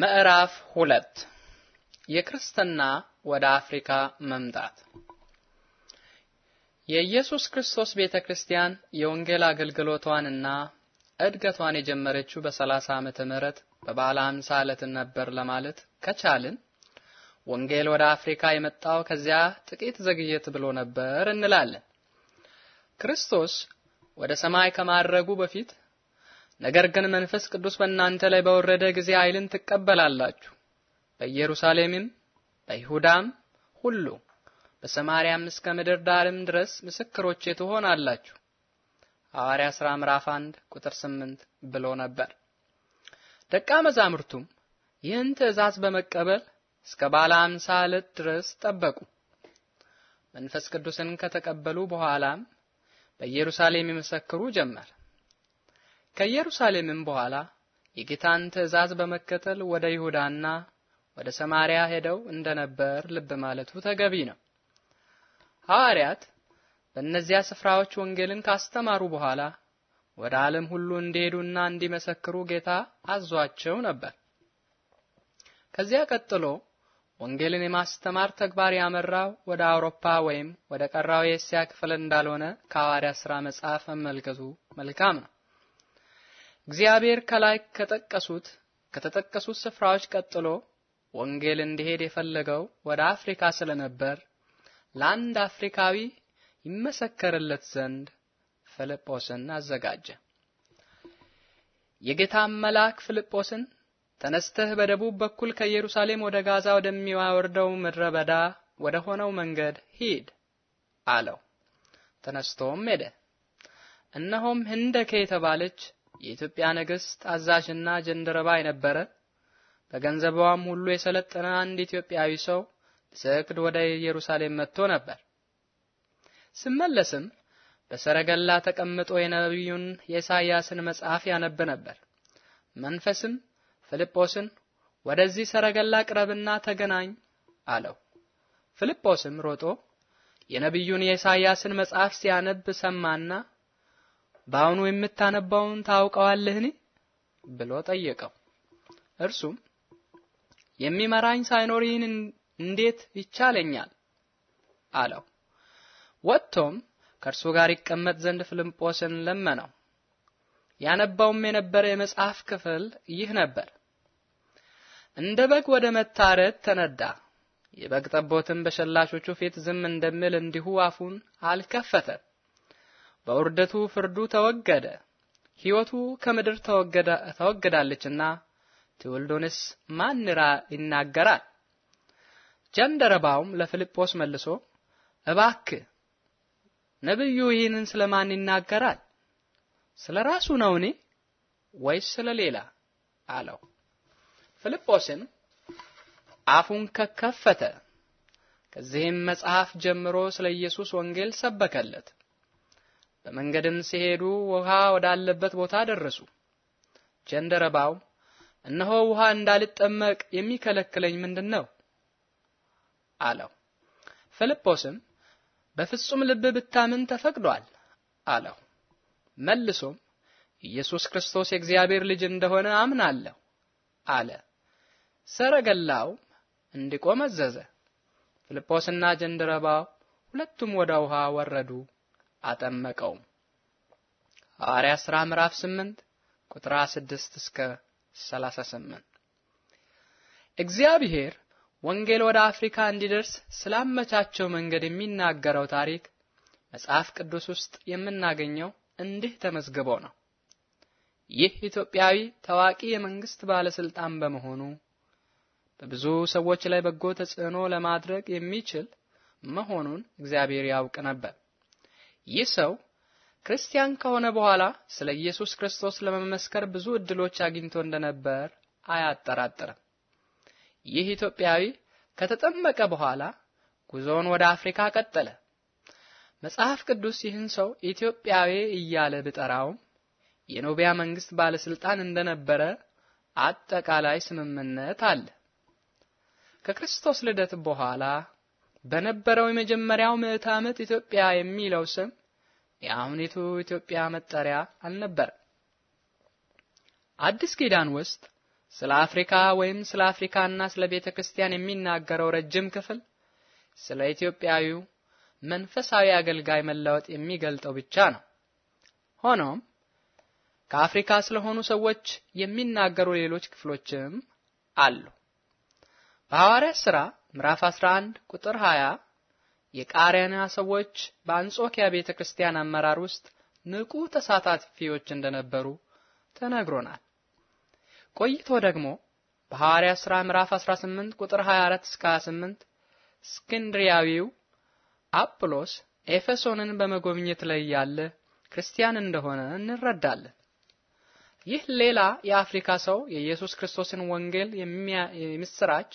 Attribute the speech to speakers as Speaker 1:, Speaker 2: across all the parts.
Speaker 1: ምዕራፍ ሁለት የክርስትና ወደ አፍሪካ መምጣት የኢየሱስ ክርስቶስ ቤተክርስቲያን የወንጌል አገልግሎቷንና እድገቷን የጀመረችው በ30 ዓመተ ምህረት በባለ 50 ዕለት ነበር ለማለት ከቻልን ወንጌል ወደ አፍሪካ የመጣው ከዚያ ጥቂት ዘግየት ብሎ ነበር እንላለን። ክርስቶስ ወደ ሰማይ ከማድረጉ በፊት ነገር ግን መንፈስ ቅዱስ በእናንተ ላይ በወረደ ጊዜ ኃይልን ትቀበላላችሁ። በኢየሩሳሌምም በይሁዳም ሁሉ በሰማርያም እስከ ምድር ዳርም ድረስ ምስክሮቼ ትሆናላችሁ። ሐዋርያ ሥራ ምዕራፍ 1 ቁጥር 8 ብሎ ነበር። ደቀ መዛሙርቱም ይህን ትእዛዝ በመቀበል እስከ ባለ 50 ዕለት ድረስ ጠበቁ። መንፈስ ቅዱስን ከተቀበሉ በኋላም በኢየሩሳሌም ይመሰክሩ ጀመር። ከኢየሩሳሌምም በኋላ የጌታን ትእዛዝ በመከተል ወደ ይሁዳና ወደ ሰማርያ ሄደው እንደነበር ልብ ማለቱ ተገቢ ነው። ሐዋርያት በእነዚያ ስፍራዎች ወንጌልን ካስተማሩ በኋላ ወደ ዓለም ሁሉ እንዲሄዱና እንዲመሰክሩ ጌታ አዟቸው ነበር። ከዚያ ቀጥሎ ወንጌልን የማስተማር ተግባር ያመራው ወደ አውሮፓ ወይም ወደ ቀራው የእስያ ክፍል እንዳልሆነ ከሐዋርያት ሥራ መጽሐፍ መመልከቱ መልካም ነው። እግዚአብሔር ከላይ ከጠቀሱት ከተጠቀሱት ስፍራዎች ቀጥሎ ወንጌል እንዲሄድ የፈለገው ወደ አፍሪካ ስለነበር ለአንድ አፍሪካዊ ይመሰከርለት ዘንድ ፊልጶስን አዘጋጀ። የጌታም መልአክ ፊልጶስን ተነስተህ በደቡብ በኩል ከኢየሩሳሌም ወደ ጋዛ ወደሚያወርደው ምድረ በዳ ወደ ሆነው መንገድ ሂድ አለው። ተነስቶም ሄደ። እነሆም ህንደኬ የተባለች የኢትዮጵያ ነገሥት አዛዥና ጀንደረባ የነበረ በገንዘቧም ሁሉ የሰለጠነ አንድ ኢትዮጵያዊ ሰው ልሰግድ ወደ ኢየሩሳሌም መጥቶ ነበር። ስመለስም በሰረገላ ተቀምጦ የነቢዩን የኢሳይያስን መጽሐፍ ያነብ ነበር። መንፈስም ፊልጶስን ወደዚህ ሰረገላ ቅረብና ተገናኝ አለው። ፊልጶስም ሮጦ የነቢዩን የኢሳይያስን መጽሐፍ ሲያነብ ሰማና በአሁኑ የምታነባውን ታውቀዋለህን? ብሎ ጠየቀው። እርሱም የሚመራኝ ሳይኖር ይህን እንዴት ይቻለኛል? አለው። ወጥቶም ከእርሱ ጋር ይቀመጥ ዘንድ ፊልጶስን ለመነው። ያነባውም የነበረ የመጽሐፍ ክፍል ይህ ነበር። እንደ በግ ወደ መታረድ ተነዳ። የበግ ጠቦትም በሸላቾቹ ፊት ዝም እንደሚል እንዲሁ አፉን አልከፈተም። በውርደቱ ፍርዱ ተወገደ፣ ሕይወቱ ከምድር ተወገደ ተወገዳለችና ትውልዱንስ ማን ይናገራል? ጀንደረባውም ለፊልጶስ መልሶ እባክ ነብዩ ይህንን ስለማን ይናገራል? ስለ ራሱ ነውን ወይስ ስለ ሌላ አለው። ፊልጶስም አፉን ከከፈተ ከዚህም መጽሐፍ ጀምሮ ስለ ኢየሱስ ወንጌል ሰበከለት። በመንገድም ሲሄዱ ውሃ ወዳለበት ቦታ ደረሱ። ጀንደረባው እነሆ ውሃ እንዳልጠመቅ የሚከለክለኝ ምንድን ነው? አለው። ፊልጶስም በፍጹም ልብ ብታምን ተፈቅዷል አለው። መልሶም ኢየሱስ ክርስቶስ የእግዚአብሔር ልጅ እንደሆነ አምናለሁ አለ። ሰረገላው እንዲቆም አዘዘ። ፊልጶስና ጀንደረባው ሁለቱም ወደ ውሃ ወረዱ። አጠመቀው። ሐዋርያ ሥራ ምዕራፍ 8 ቁጥር 6 እስከ 38 እግዚአብሔር ወንጌል ወደ አፍሪካ እንዲደርስ ስላመቻቸው መንገድ የሚናገረው ታሪክ መጽሐፍ ቅዱስ ውስጥ የምናገኘው እንዲህ ተመዝግቦ ነው። ይህ ኢትዮጵያዊ ታዋቂ የመንግስት ባለስልጣን በመሆኑ በብዙ ሰዎች ላይ በጎ ተጽዕኖ ለማድረግ የሚችል መሆኑን እግዚአብሔር ያውቅ ነበር። ይህ ሰው ክርስቲያን ከሆነ በኋላ ስለ ኢየሱስ ክርስቶስ ለመመስከር ብዙ እድሎች አግኝቶ እንደነበር አያጠራጥርም። ይህ ኢትዮጵያዊ ከተጠመቀ በኋላ ጉዞውን ወደ አፍሪካ ቀጠለ። መጽሐፍ ቅዱስ ይህን ሰው ኢትዮጵያዊ እያለ ብጠራውም የኖቢያ መንግስት ባለስልጣን እንደነበረ አጠቃላይ ስምምነት አለ። ከክርስቶስ ልደት በኋላ በነበረው የመጀመሪያው ምዕተ ዓመት ኢትዮጵያ የሚለው ስም የአሁኒቱ ኢትዮጵያ መጠሪያ አልነበረ። አዲስ ኪዳን ውስጥ ስለ አፍሪካ ወይም ስለ አፍሪካና ስለ ቤተ ክርስቲያን የሚናገረው ረጅም ክፍል ስለ ኢትዮጵያዊው መንፈሳዊ አገልጋይ መለወጥ የሚገልጠው ብቻ ነው። ሆኖም ከአፍሪካ ስለሆኑ ሰዎች የሚናገሩ ሌሎች ክፍሎችም አሉ። በሐዋርያት ሥራ ምዕራፍ 11 ቁጥር 20 የቃሪያና ሰዎች በአንጾኪያ ቤተክርስቲያን አመራር ውስጥ ንቁ ተሳታፊዎች እንደነበሩ ተነግሮናል። ቆይቶ ደግሞ በሐዋርያ ሥራ ምዕራፍ 18 ቁጥር 24 እስከ 28 እስክንድሪያዊው አጵሎስ ኤፌሶንን በመጎብኘት ላይ ያለ ክርስቲያን እንደሆነ እንረዳለን። ይህ ሌላ የአፍሪካ ሰው የኢየሱስ ክርስቶስን ወንጌል የምስራች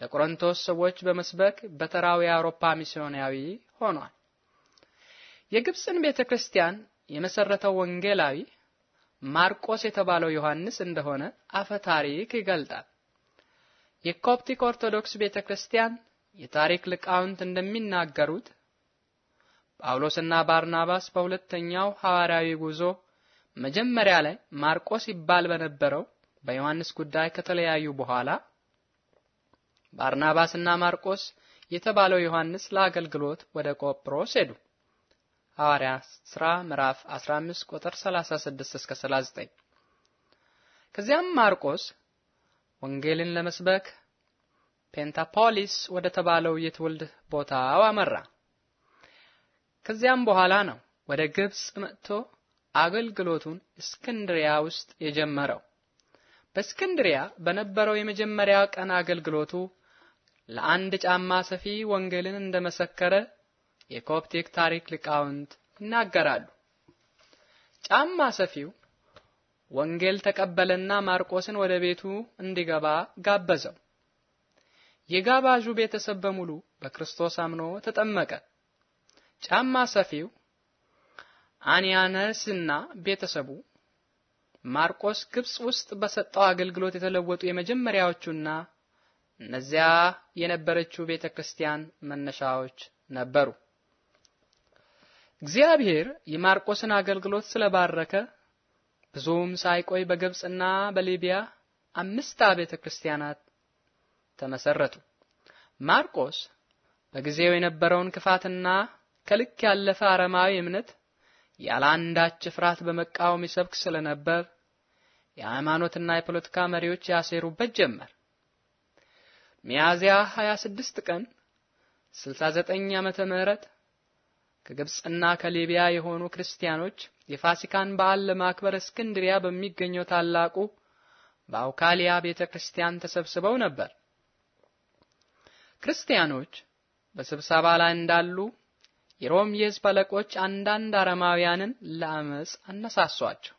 Speaker 1: ለቆሮንቶስ ሰዎች በመስበክ በተራው የአውሮፓ ሚስዮናዊ ሆኗል። የግብጽን ቤተ ክርስቲያን የመሰረተው ወንጌላዊ ማርቆስ የተባለው ዮሐንስ እንደሆነ አፈ ታሪክ ይገልጣል። የኮፕቲክ ኦርቶዶክስ ቤተ ክርስቲያን የታሪክ ልቃውንት እንደሚናገሩት ጳውሎስና ባርናባስ በሁለተኛው ሐዋርያዊ ጉዞ መጀመሪያ ላይ ማርቆስ ይባል በነበረው በዮሐንስ ጉዳይ ከተለያዩ በኋላ ባርናባስና ማርቆስ የተባለው ዮሐንስ ለአገልግሎት ወደ ቆጵሮስ ሄዱ። ሐዋርያ ሥራ ምዕራፍ 15 ቁጥር 36 እስከ 39። ከዚያም ማርቆስ ወንጌልን ለመስበክ ፔንታፖሊስ ወደ ተባለው የትውልድ ቦታው አመራ። ከዚያም በኋላ ነው ወደ ግብጽ መጥቶ አገልግሎቱን እስክንድሪያ ውስጥ የጀመረው። በእስክንድሪያ በነበረው የመጀመሪያ ቀን አገልግሎቱ ለአንድ ጫማ ሰፊ ወንጌልን እንደመሰከረ የኮፕቲክ ታሪክ ሊቃውንት ይናገራሉ። ጫማ ሰፊው ወንጌል ተቀበለና ማርቆስን ወደ ቤቱ እንዲገባ ጋበዘው። የጋባዡ ቤተሰብ በሙሉ በክርስቶስ አምኖ ተጠመቀ። ጫማ ሰፊው አኒያነስና ቤተሰቡ ማርቆስ ግብጽ ውስጥ በሰጠው አገልግሎት የተለወጡ የመጀመሪያዎቹና እነዚያ የነበረችው ቤተ ክርስቲያን መነሻዎች ነበሩ። እግዚአብሔር የማርቆስን አገልግሎት ስለባረከ ብዙም ሳይቆይ በግብጽና በሊቢያ አምስት ቤተ ክርስቲያናት ተመሰረቱ። ማርቆስ በጊዜው የነበረውን ክፋትና ከልክ ያለፈ አረማዊ እምነት ያላንዳች ፍርሃት በመቃወም ይሰብክ ስለነበር የሃይማኖትና የፖለቲካ መሪዎች ያሴሩበት ጀመር። ሚያዚያ 26 ቀን 69 ዓመተ ምህረት ከግብጽና ከሊቢያ የሆኑ ክርስቲያኖች የፋሲካን በዓል ለማክበር እስክንድሪያ በሚገኘው ታላቁ በአውካሊያ ቤተክርስቲያን ተሰብስበው ነበር። ክርስቲያኖች በስብሰባ ላይ እንዳሉ የሮም የሕዝብ አለቆች አንዳንድ አረማውያንን ለአመጽ አነሳሷቸው።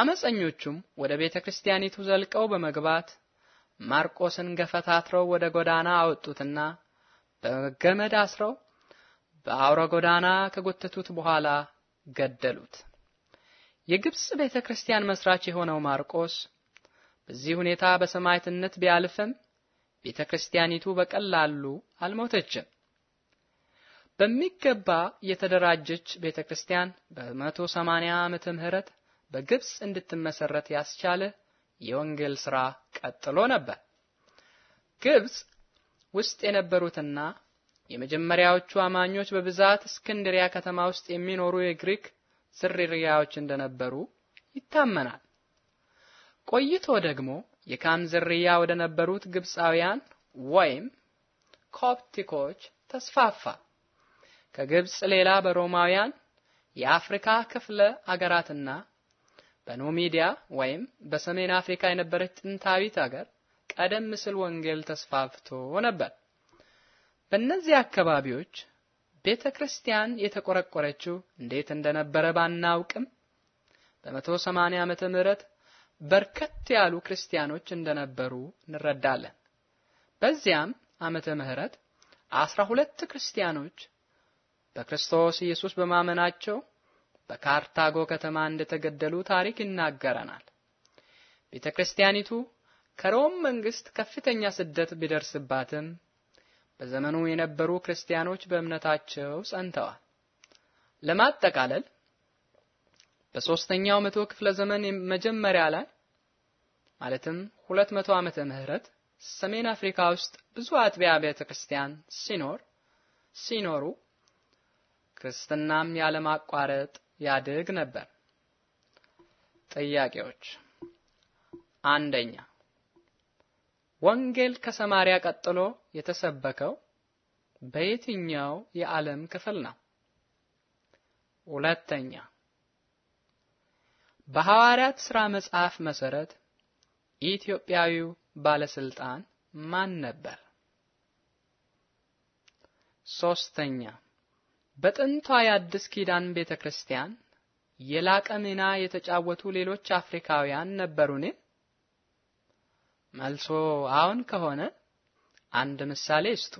Speaker 1: አመፀኞቹም ወደ ቤተክርስቲያኒቱ ዘልቀው በመግባት ማርቆስን ገፈታትረው ወደ ጎዳና አወጡትና በገመድ አስረው በአውረ ጎዳና ከጎተቱት በኋላ ገደሉት። የግብጽ ቤተ ክርስቲያን መስራች የሆነው ማርቆስ በዚህ ሁኔታ በሰማዕትነት ቢያልፍም ቤተ ክርስቲያኒቱ በቀላሉ አልሞተችም። በሚገባ የተደራጀች ቤተ ክርስቲያን በ180 ዓመተ ምህረት በግብጽ እንድትመሰረት ያስቻለ የወንጌል ሥራ ቀጥሎ ነበር። ግብጽ ውስጥ የነበሩትና የመጀመሪያዎቹ አማኞች በብዛት እስክንድሪያ ከተማ ውስጥ የሚኖሩ የግሪክ ዝርያዎች እንደነበሩ ይታመናል። ቆይቶ ደግሞ የካም ዝርያ ወደ ነበሩት ግብጻውያን ወይም ኮፕቲኮች ተስፋፋ። ከግብጽ ሌላ በሮማውያን የአፍሪካ ክፍለ አገራትና በኖሚዲያ ወይም በሰሜን አፍሪካ የነበረች ጥንታዊት ሀገር ቀደም ሲል ወንጌል ተስፋፍቶ ነበር። በእነዚህ አካባቢዎች ቤተ ክርስቲያን የተቆረቆረችው እንዴት እንደነበረ ባናውቅም በ180 ዓመተ ምህረት በርከት ያሉ ክርስቲያኖች እንደነበሩ እንረዳለን። በዚያም ዓመተ ምህረት አስራ ሁለት ክርስቲያኖች በክርስቶስ ኢየሱስ በማመናቸው በካርታጎ ከተማ እንደተገደሉ ታሪክ ይናገረናል። ቤተ ክርስቲያኒቱ ከሮም መንግስት ከፍተኛ ስደት ቢደርስባትም በዘመኑ የነበሩ ክርስቲያኖች በእምነታቸው ጸንተዋል። ለማጠቃለል በሶስተኛው መቶ ክፍለ ዘመን መጀመሪያ ላይ ማለትም 200 ዓመተ ምህረት ሰሜን አፍሪካ ውስጥ ብዙ አጥቢያ ቤተ ክርስቲያን ሲኖር ሲኖሩ ክርስትናም ያለማቋረጥ ያድግ ነበር። ጥያቄዎች፣ አንደኛ ወንጌል ከሰማሪያ ቀጥሎ የተሰበከው በየትኛው የዓለም ክፍል ነው? ሁለተኛ በሐዋርያት ሥራ መጽሐፍ መሰረት ኢትዮጵያዊው ባለስልጣን ማን ነበር? ሶስተኛ በጥንቷ የአዲስ ኪዳን ቤተክርስቲያን የላቀ ሚና የተጫወቱ ሌሎች አፍሪካውያን ነበሩን? መልሶ አሁን ከሆነ አንድ ምሳሌ ይስጡ።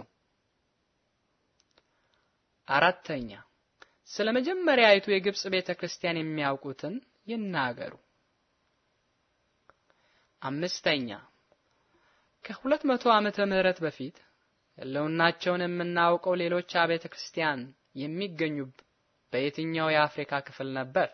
Speaker 1: አራተኛ ስለ መጀመሪያይቱ የግብጽ ቤተክርስቲያን የሚያውቁትን ይናገሩ። አምስተኛ ከሁለት መቶ ዓመተ ምህረት በፊት ህልውናቸውን የምናውቀው ሌሎች አብያተ ክርስቲያን የሚገኙ በየትኛው የአፍሪካ ክፍል ነበር?